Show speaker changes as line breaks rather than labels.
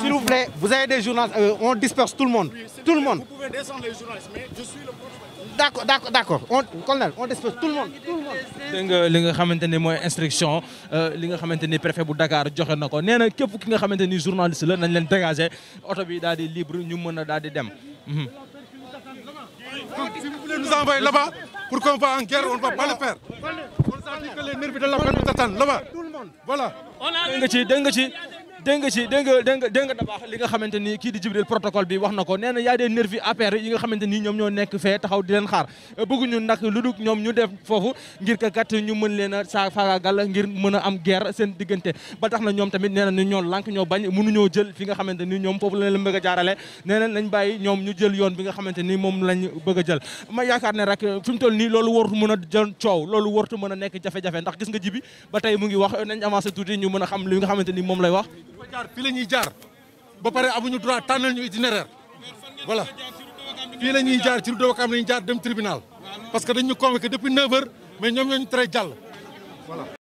S'il vous plaît, vous avez des journalistes, on disperse tout le monde. tout le monde. D'accord, d'accord, On, disperse tout le monde. Tout le
li nga xamante ne mooy instruction euh, li nga xamante ni préfet bu Dakar joxe na ko nee na képp ki nga xamante ni journaliste la nañ leen dégager oto bi daal di libre ñu mën a daal di dem. Mhm.
Si vous pour
qu'on va en guerre, on ne va pas On
sentit
que les nerfs de la peine nous attendent là-bas. Tout le monde. Voilà. dégg nga ci dégg dégg nga dégg nga dégg nga dabaax li nga xamante ni kii di Jibril protocole bi wax na ko nee na yaa dee nervi APR yi nga xamante ni ñoom ñoo nekk fee taxaw di leen xaar bëgguñu nag lu dul ñoom ñu def foofu ngir ka kat ñu mën leen a saa faagaagal ngir mën a am guerre seen diggante ba tax na ñoom tamit nee na ñoo lànk ñoo bañ mënuñoo jël fi nga xamante ni ñoom foofu a jaarale nee na nañ bàyyi ñoom ñu jël yoon bi nga xamante ni moom lañ bëgg a ma yaakaar ne rek fi mu toll nii loolu wartu mën a jël coow loolu wartu mën a nekk ndax gis nga jibi ba tey mu ngi wax nañ avancé tuuti ñu mën a xam li nga xamante ni moom lay wax fa jaar la ñuy jaar ba pare amuñu droit tànnal ñu itinéraire voilà fii la ñuy jaar ci route de Ouakam la ñuy jaar dem tribunal parce que dañ ñu convoqué depuis 9 heures mais ñoom ñoo ñu tere jàll voilà.